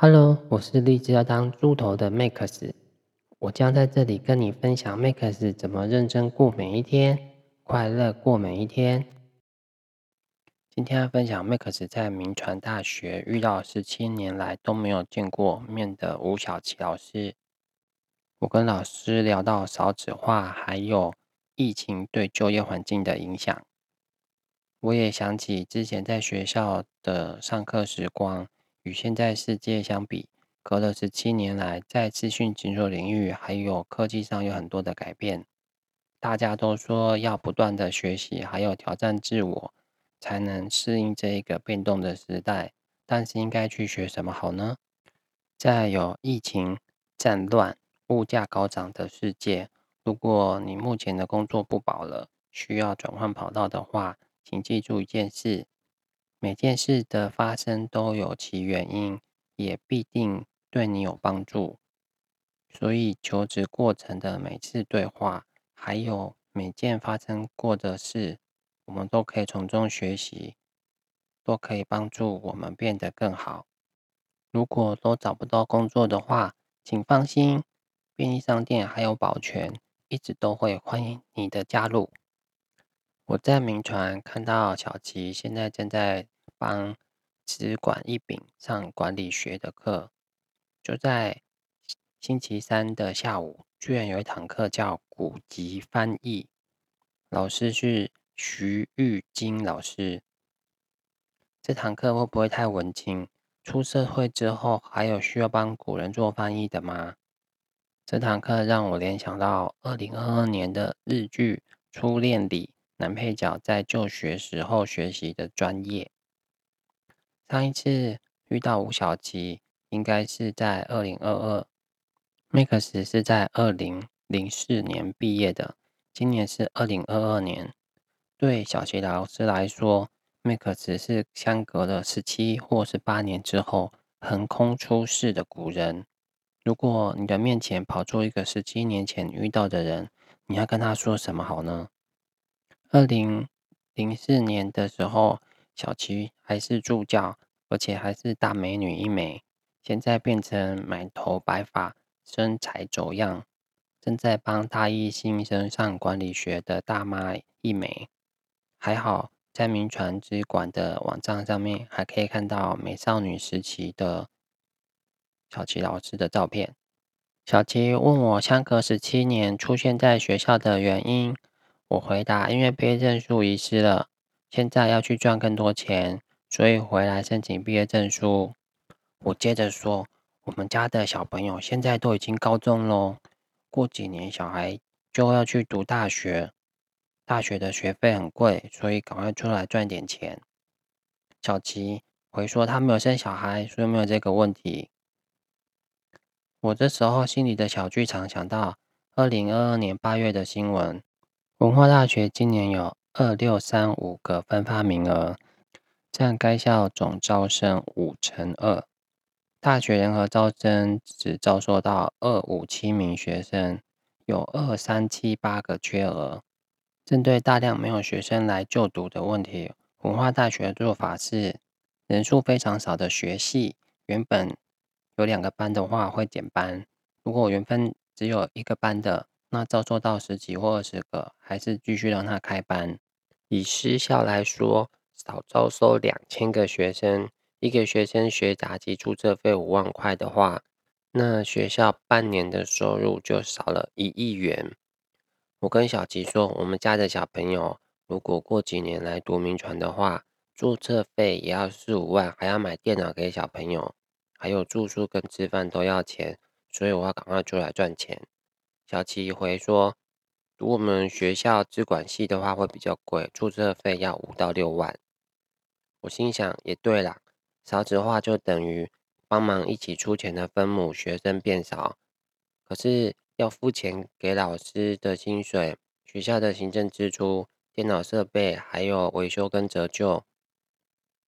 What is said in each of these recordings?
Hello，我是立志要當豬頭的 Max，我將在這裡跟你分享 Max 怎麼認真過每一天，快樂過每一天。今天要分享 Max 在銘傳大學遇到十七年來都沒有見過面的吳筱琦老師，我跟老師聊到少子化，還有疫情對就業環境的影響，我也想起之前在學校的上課時光。與現在世界相比，隔了十七年來，在資訊技術領域還有科技上有很多的改變。大家都說要不斷地學習，還有挑戰自我，才能適應這一個變動的時代。但是應該去學什麼好呢？在有疫情、戰亂、物價高漲的世界，如果你目前的工作不保了，需要轉換跑道的話，請記住一件事。每件事的發生都有其原因，也必定對你有幫助。所以求職過程的每次對話，還有每件發生過的事，我們都可以從中學習，都可以幫助我們變得更好。如果都找不到工作的話，請放心，便利商店還有保全，一直都會歡迎你的加入。我在銘傳看到筱琦現在正在幫資管一丙上管理學的課，就在星期三的下午，居然有一堂課叫古籍翻譯，老師是徐玉金老師。這堂課會不會太文青？出社會之後還有需要幫古人做翻譯的嗎？這堂課讓我聯想到二零二二年的日劇《初戀》裡男配角在就學時候學習的專業。上一次遇到吳筱琦，應該是在二零二二。Max 是在二零零四年畢業的，今年是二零二二年。對筱琦老師來說，Max 是相隔了十七或十八年之後橫空出世的古人。如果你的面前跑出一個十七年前遇到的人，你要跟他說什麼好呢？二零零四年的時候，筱琦還是助教，而且還是大美女一枚。現在變成滿頭白髮、身材走樣，正在幫大一新生上管理學的大媽一枚。還好，在銘傳資管的網站上面，還可以看到美少女時期的，筱琦老師的照片。筱琦問我相隔十七年出現在學校的原因。我回答，因為畢業證書遺失了，現在要去賺更多錢，所以回來申請畢業證書。我接着說，我們家的小朋友現在都已經高中咯，過幾年小孩就要去讀大學，大學的學費很貴，所以趕快出來賺點錢。筱琦回說，他沒有生小孩，所以沒有這個問題。我這時候心裡的小劇場想到，二零二二年八月的新聞。文化大學今年有二六三五個分發名額，佔該校總招生五成二。大學聯合招生只招收到二五七名學生，有二三七八個缺額。針對大量沒有學生來就讀的問題，文化大學的做法是：人數非常少的學系，原本有兩個班的話會減班；如果原本只有一個班的，那招收到十幾或二十個，還是繼續讓他開班。以私校來說，少招收兩千個學生，一個學生學雜費，註冊費五萬塊的話，那學校半年的收入就少了一億元。我跟筱琦說，我們家的小朋友如果過幾年來讀銘傳的話，註冊費也要四五萬，還要買電腦給小朋友，還有住宿跟吃飯都要錢，所以我要趕快出來賺錢。筱琦回說：“讀我們學校資管系的話會比較貴，注冊費要五到六萬。”我心想，也對啦，少子化就等於幫忙一起出錢的分母學生變少，可是要付錢給老師的薪水、學校的行政支出、電腦設備還有維修跟折舊，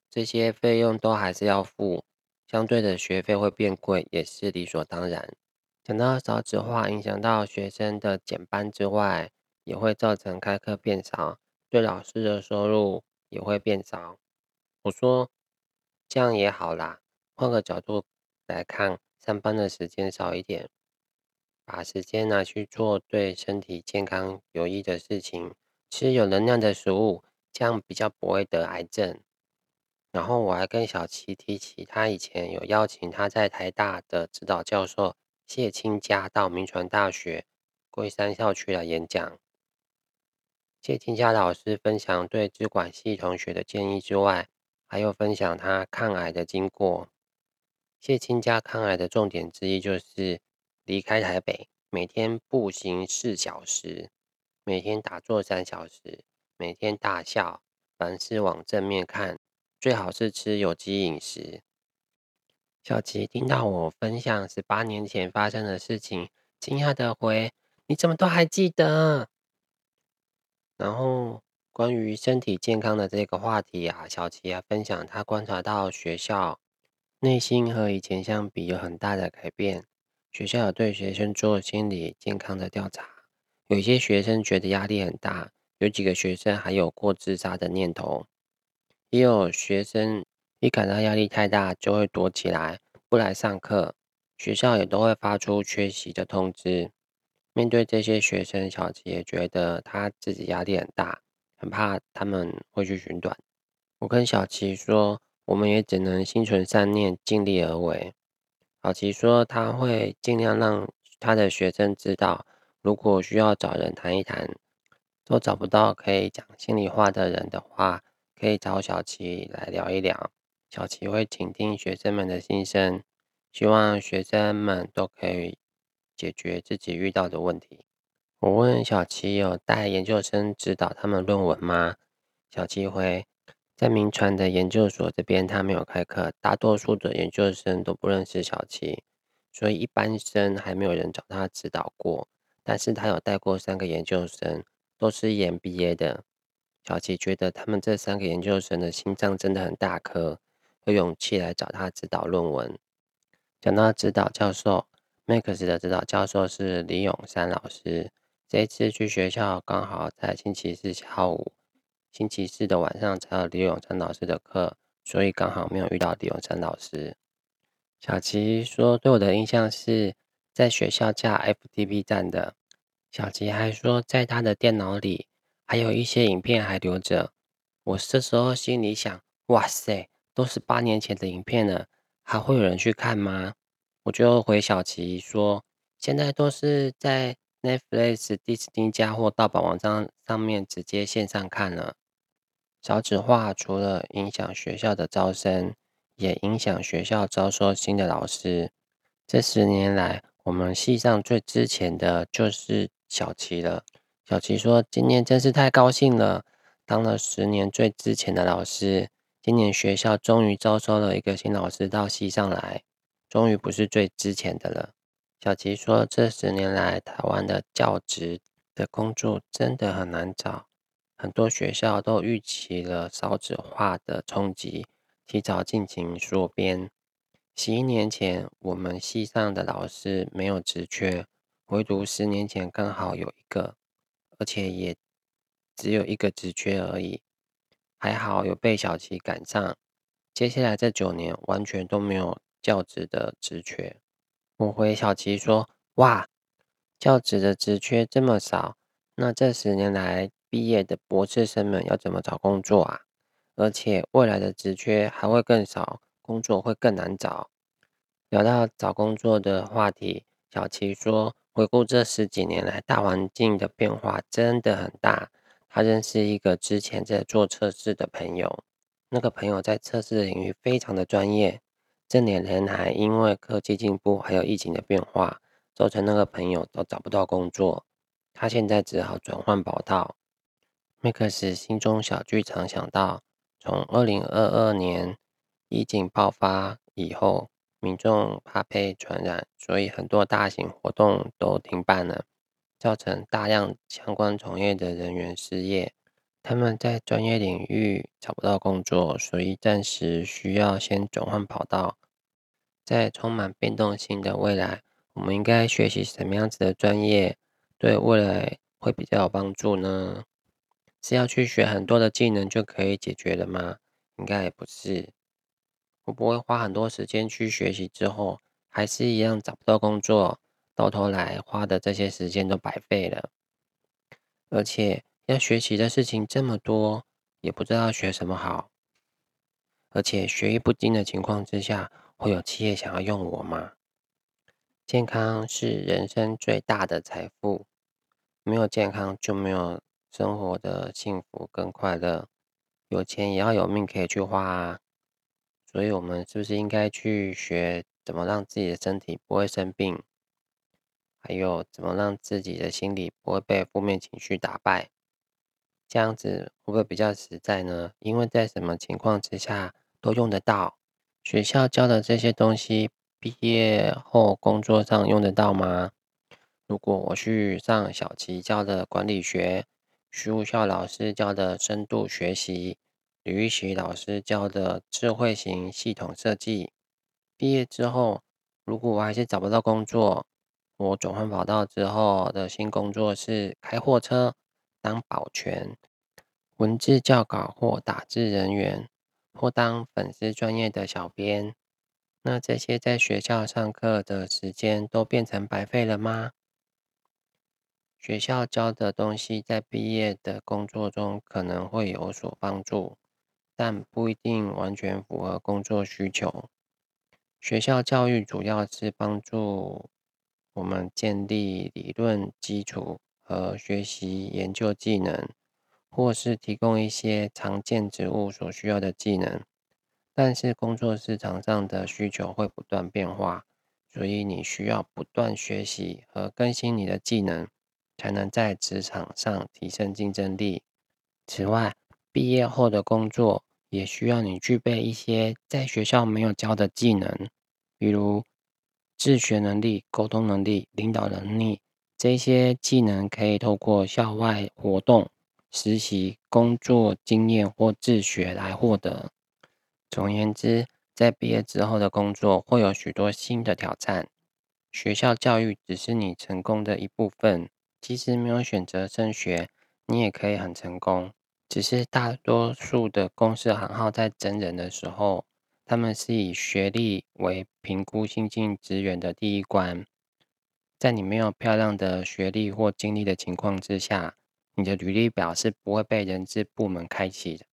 這些費用都還是要付，相對的學費會變貴，也是理所當然。等到少子化影響到學生的減班之外，也會造成開課變少，對老師的收入也會變少。我說這樣也好啦，換個角度來看，上班的時間少一點，把時間拿去做對身體健康有益的事情，吃有能量的食物，這樣比較不會得癌症。然後我還跟筱琦提起，他以前有邀請他在台大的指導教授。謝清家到銘傳大學龜山校區來演講。謝清家老師分享對資管系同學的建議之外，還有分享他抗癌的經過。謝清家抗癌的重點之一就是離開台北，每天步行四小時，每天打坐三小時，每天大笑，凡事往正面看，最好是吃有機飲食。筱琦，聽到我分享十八年前發生的事情，驚訝的迴：“你怎麼都還記得？”然後關於身體健康的這個話題啊，筱琦啊分享他觀察到學校內心和以前相比有很大的改變。學校有對學生做心理健康的調查，有些學生覺得壓力很大，有幾個學生還有過自殺的念頭，也有學生，一感到壓力太大，就會躲起來，不來上課。學校也都會發出缺席的通知。面對這些學生，筱琦也覺得他自己壓力很大，很怕他們會去尋短。我跟筱琦說，我們也只能心存善念，盡力而為。筱琦說他會盡量讓他的學生知道，如果需要找人談一談，都找不到可以講心裡話的人的話，可以找筱琦來聊一聊。筱琦會傾聽學生們的心聲，希望學生們都可以解決自己遇到的問題。我問筱琦有帶研究生指導他們論文嗎？筱琦回，在銘傳的研究所這邊，他沒有開課，大多數的研究生都不認識筱琦，所以一般生還沒有人找他指導過。但是他有帶過三個研究生，都是研畢業的。筱琦覺得他們這三個研究生的心臟真的很大顆。有勇氣來找他指導論文。講到指導教授，Max 的指導教授是李永山老師。這次去學校剛好在星期四下午，星期四的晚上才有李永山老師的課，所以剛好沒有遇到李永山老師。筱琦說，對我的印象是，在學校架 FTP 站的。筱琦還說，在他的電腦裡還有一些影片還留着。我這時候心裡想：哇塞！都是八年前的影片了，還會有人去看嗎？我就回筱琦說，現在都是在 Netflix Disney、Disney 加或盜版網站上面直接線上看了。少子化除了影響學校的招生，也影響學校招收新的老師。這十年來，我們系上最值錢的就是筱琦了。筱琦說，今年真是太高興了，當了十年最值錢的老師。今年學校終於招收了一個新老師到系上來，終於不是最之前的了。筱琦說，這十年來台灣的教職的工作真的很難找，很多學校都預期了少子化的衝擊，提早進行縮編。十一年前我們系上的老師沒有職缺，唯獨十年前剛好有一個，而且也只有一個職缺而已。還好有被小琦趕上，接下來這九年完全都沒有教職的職缺。我回小琦說：“哇，教職的職缺這麼少，那這十年來畢業的博士生們要怎麼找工作啊？而且未來的職缺還會更少，工作會更難找。”聊到找工作的話題，小琦說：“回顧這十幾年來，大環境的變化真的很大。”他認識一個之前在做測試的朋友，那個朋友在測試領域非常的專業。這兩年還因為科技進步，還有疫情的變化，造成那個朋友都找不到工作。他現在只好轉換跑道。麥克斯心中小劇場想到，從二零二二年疫情爆發以後，民眾怕被傳染，所以很多大型活動都停辦了。造成大量相關從業的人員失業，他們在專業領域找不到工作，所以暫時需要先轉換跑道。在充滿變動性的未來，我們應該學習什麼樣子的專業，對未來會比較有幫助呢？是要去學很多的技能就可以解決的嗎？應該也不是。我不會花很多時間去學習之後，還是一樣找不到工作。到頭來花的這些時間都白費了，而且要學習的事情這麼多，也不知道學什麼好。而且學藝不精的情況之下，會有企業想要用我嗎？健康是人生最大的財富，沒有健康就沒有生活的幸福跟快樂。有錢也要有命可以去花啊！所以我們是不是應該去學怎麼讓自己的身體不會生病？還有怎麼讓自己的心理不會被負面情緒打敗？這樣子會不會比較實在呢？因為在什麼情況之下都用得到。學校教的這些東西，畢業後工作上用得到嗎？如果我去上筱琦教的管理學，徐武校老師教的深度學習，李玉奇老師教的智慧型系統設計，畢業之後，如果我還是找不到工作？我轉換跑道之後的新工作是開貨車、當保全、文字校稿或打字人員，或當粉絲專業的小編。那這些在學校上課的時間都變成白費了嗎？學校教的東西在畢業的工作中可能會有所幫助，但不一定完全符合工作需求。學校教育主要是幫助。我們建立理論基礎和學習研究技能，或是提供一些常見職務所需要的技能。但是，工作市場上的需求會不斷變化，所以你需要不斷學習和更新你的技能，才能在職場上提升競爭力。此外，畢業後的工作也需要你具備一些在學校沒有教的技能，比如。自學能力、溝通能力、領導能力，這些技能可以透過校外活動、實習、工作經驗或自學來獲得。總而言之，在畢業之後的工作會有許多新的挑戰。學校教育只是你成功的一部分，即使沒有選擇升學，你也可以很成功。只是大多數的公司行號在徵人的時候。他們是以學歷為評估新進職員的第一關，在你沒有漂亮的學歷或經歷的情況之下，你的履歷表是不會被人資部門開啟的。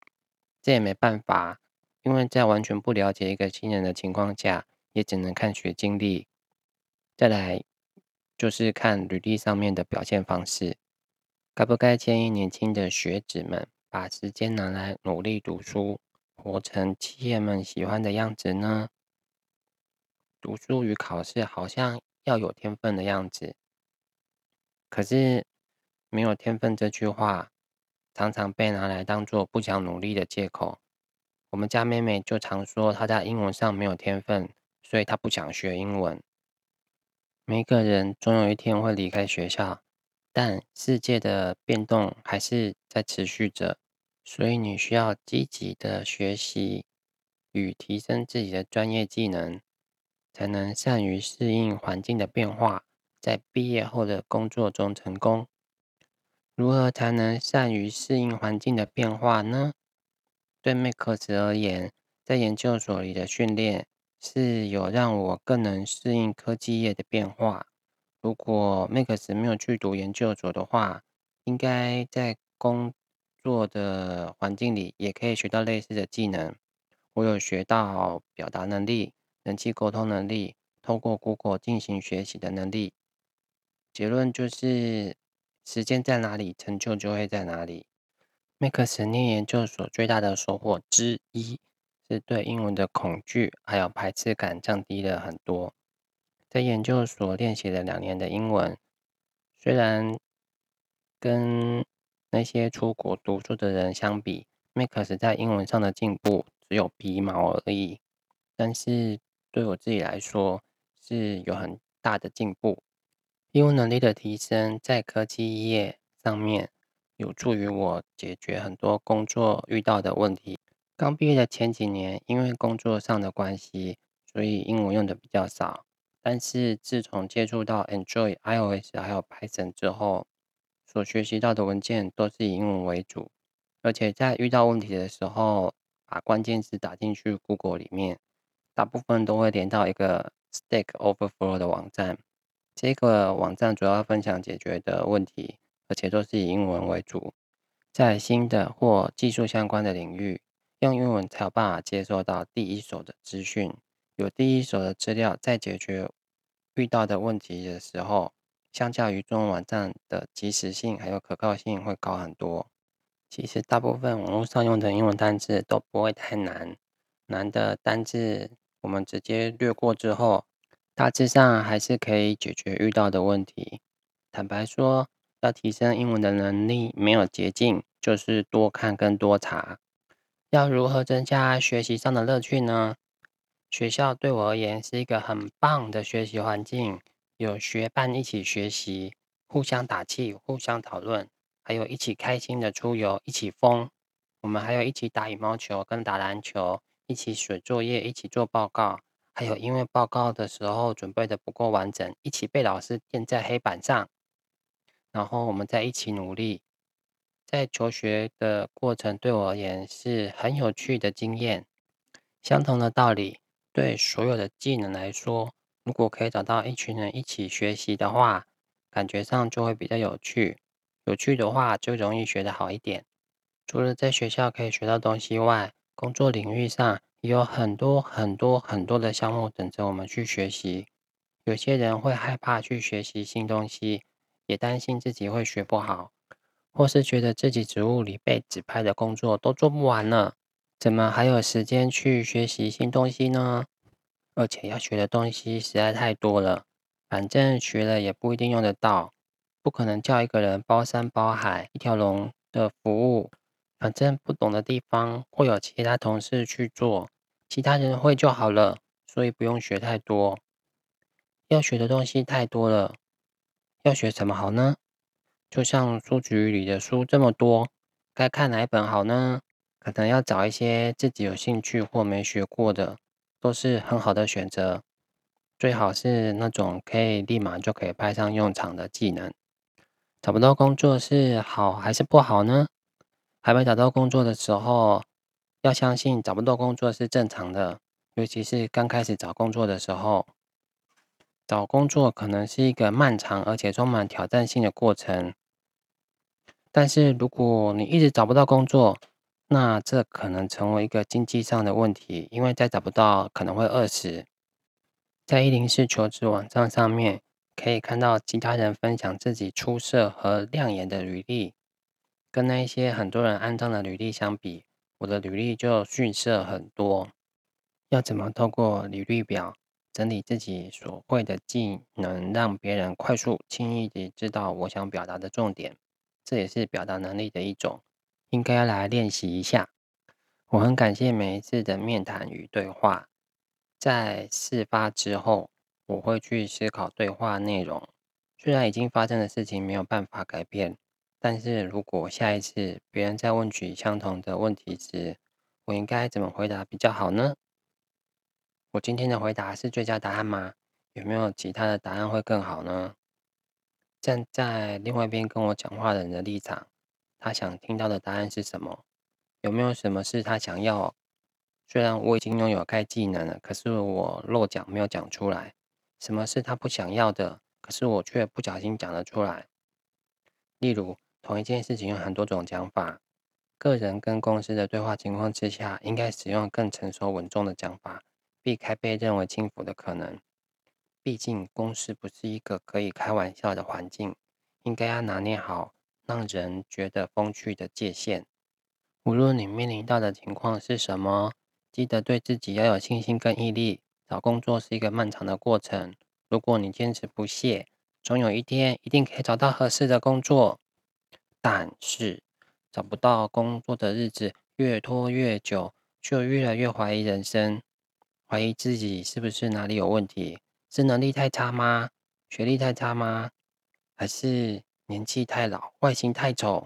這也沒辦法，因為在完全不了解一個新人的情況下，也只能看學經歷。再來就是看履歷上面的表現方式，該不該建議年輕的學子們把時間拿來努力讀書？活成企業們喜歡的樣子呢？讀書與考試好像要有天分的樣子，可是沒有天分這句話，常常被拿來當做不想努力的借口。我們家妹妹就常說她在英文上沒有天分，所以她不想學英文。每個人總有一天會離開學校，但世界的變動還是在持續着。所以你需要積極的學習與提升自己的專業技能，才能善於適應環境的變化，在畢業後的工作中成功。如何才能善於適應環境的變化呢？對麥克斯而言，在研究所裡的訓練，是有讓我更能適應科技業的變化。如果麥克斯沒有去讀研究所的話，應該在工弱的環境裡也可以學到類似的技能。我有學到表達能力、人際溝通能力、透過 Google 進行學習的能力。結論就是，時間在哪裡，成就就會在哪裡。Max 念研究所最大的收穫之一，是對英文的恐懼還有排斥感降低了很多。在研究所練習了兩年的英文，雖然跟那些出國讀書的人相比，Max 在英文上的進步只有皮毛而已。但是對我自己來說是有很大的進步。英文能力的提升在科技業上面有助於我解決很多工作遇到的問題。剛畢業的前幾年，因為工作上的關係，所以英文用的比較少。但是自從接觸到 Android、iOS 還有 Python 之後，所學習到的文件都是以英文為主，而且在遇到問題的時候，把關鍵詞打進去 Google 裡面，大部分都會連到一個 Stack Overflow 的網站。這個網站主要分享解決的問題，而且都是以英文為主。在新的或技術相關的領域，用英文才有辦法接收到第一手的資訊。有第一手的資料，在解決遇到的問題的時候。相較於中文網站的即時性，還有可靠性會高很多。其實大部分網路上用的英文單字都不會太難，難的單字我們直接略過之後，大致上還是可以解決遇到的問題。坦白說，要提升英文的能力沒有捷徑，就是多看跟多查。要如何增加學習上的樂趣呢？學校對我而言是一個很棒的學習環境。有學伴一起學習，互相打氣，互相討論，還有一起開心的出遊，一起瘋。我們還有一起打羽毛球跟打籃球，一起寫作業，一起做報告。還有因為報告的時候準備的不夠完整，一起被老師墊在黑板上。然後我們再一起努力，在求學的過程對我而言是很有趣的經驗。相同的道理，對所有的技能來說。如果可以找到一群人一起學習的話，感覺上就會比較有趣。有趣的話，就容易學得好一點。除了在學校可以學到東西外，工作領域上也有很多很多很多的項目等着我們去學習。有些人會害怕去學習新東西，也擔心自己會學不好，或是覺得自己職務裡被指派的工作都做不完了，怎麼還有時間去學習新東西呢？而且要學的東西實在太多了，反正學了也不一定用得到，不可能叫一個人包山包海一條龍的服務，反正不懂的地方會有其他同事去做，其他人會就好了，所以不用學太多。要學的東西太多了，要學什麼好呢？就像書局裡的書這麼多，該看哪一本好呢？可能要找一些自己有興趣或沒學過的。都是很好的選擇，最好是那種可以立馬就可以派上用場的技能。找不到工作是好還是不好呢？還沒找到工作的時候，要相信找不到工作是正常的，尤其是剛開始找工作的時候。找工作可能是一個漫長而且充滿挑戰性的過程，但是如果你一直找不到工作，那這可能成為一個經濟上的問題，因為再找不到，可能會餓死。在一零四求職網站上面，可以看到其他人分享自己出色和亮眼的履歷，跟那一些很多人按讚的履歷相比，我的履歷就遜色很多。要怎麼透過履歷表整理自己所會的技能，讓別人快速、輕易地知道我想表達的重點？這也是表達能力的一種。應該要來練習一下。我很感謝每一次的面談與對話。在事發之後，我會去思考對話內容。雖然已經發生的事情沒有辦法改變，但是如果下一次別人再問起相同的問題時，我應該怎麼回答比較好呢？我今天的回答是最佳答案嗎？有沒有其他的答案會更好呢？站在另外一邊跟我講話的人的立場。他想聽到的答案是什麼？有沒有什麼是他想要？雖然我已經擁有該技能了，可是我漏講沒有講出來。什麼是他不想要的？可是我卻不小心講了出來。例如，同一件事情有很多種講法。個人跟公司的對話情況之下，應該使用更成熟穩重的講法，避開被認為輕浮的可能。畢竟公司不是一個可以開玩笑的環境，應該要拿捏好。讓人覺得風趣的界限。無論你面臨到的情況是什麼，記得對自己要有信心跟毅力。找工作是一個漫長的過程，如果你堅持不懈，總有一天一定可以找到合適的工作。但是找不到工作的日子越拖越久，就越來越懷疑人生，懷疑自己是不是哪裡有問題？是能力太差嗎？學歷太差嗎？還是……年紀太老，外形太醜，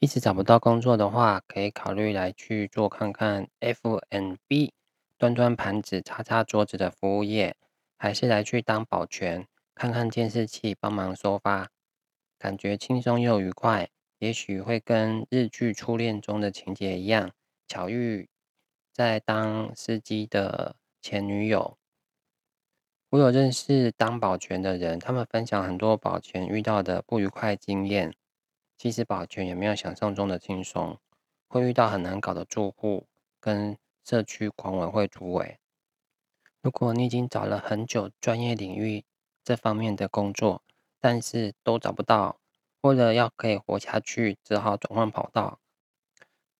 一直找不到工作的話，可以考慮來去做看看 F&B，端端盤子、擦擦桌子的服務業，還是來去當保全，看看監視器，幫忙收发，感覺輕鬆又愉快。也許會跟日劇《初戀》中的情節一樣，巧遇在當司機的前女友。我有認識當保全的人，他們分享很多保全遇到的不愉快經驗。其實保全也沒有想象中的輕鬆，會遇到很難搞的住戶跟社區管委會主委。如果你已經找了很久專業領域這方面的工作，但是都找不到，或者要可以活下去，只好轉換跑道，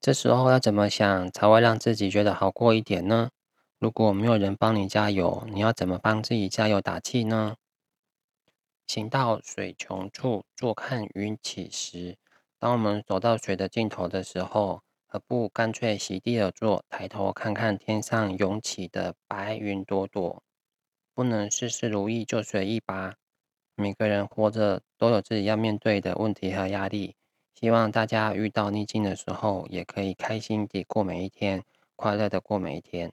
這時候要怎麼想才會讓自己覺得好過一點呢？如果沒有人幫你加油，你要怎麼幫自己加油打氣呢？行到水窮處，坐看雲起時。當我們走到水的盡頭的時候，何不乾脆席地而坐，抬頭看看天上湧起的白雲朵朵？不能事事如意就隨意吧。每個人活着都有自己要面對的問題和壓力。希望大家遇到逆境的時候，也可以開心地過每一天，快樂地過每一天。